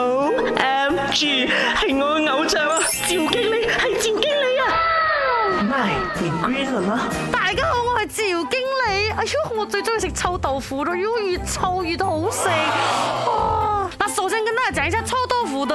O M G，係我嘅偶像啊！趙經理係趙經理啊！My Green 大家好，我係趙經理。哎喲，我最中意食臭豆腐咯，喲，越臭越好食。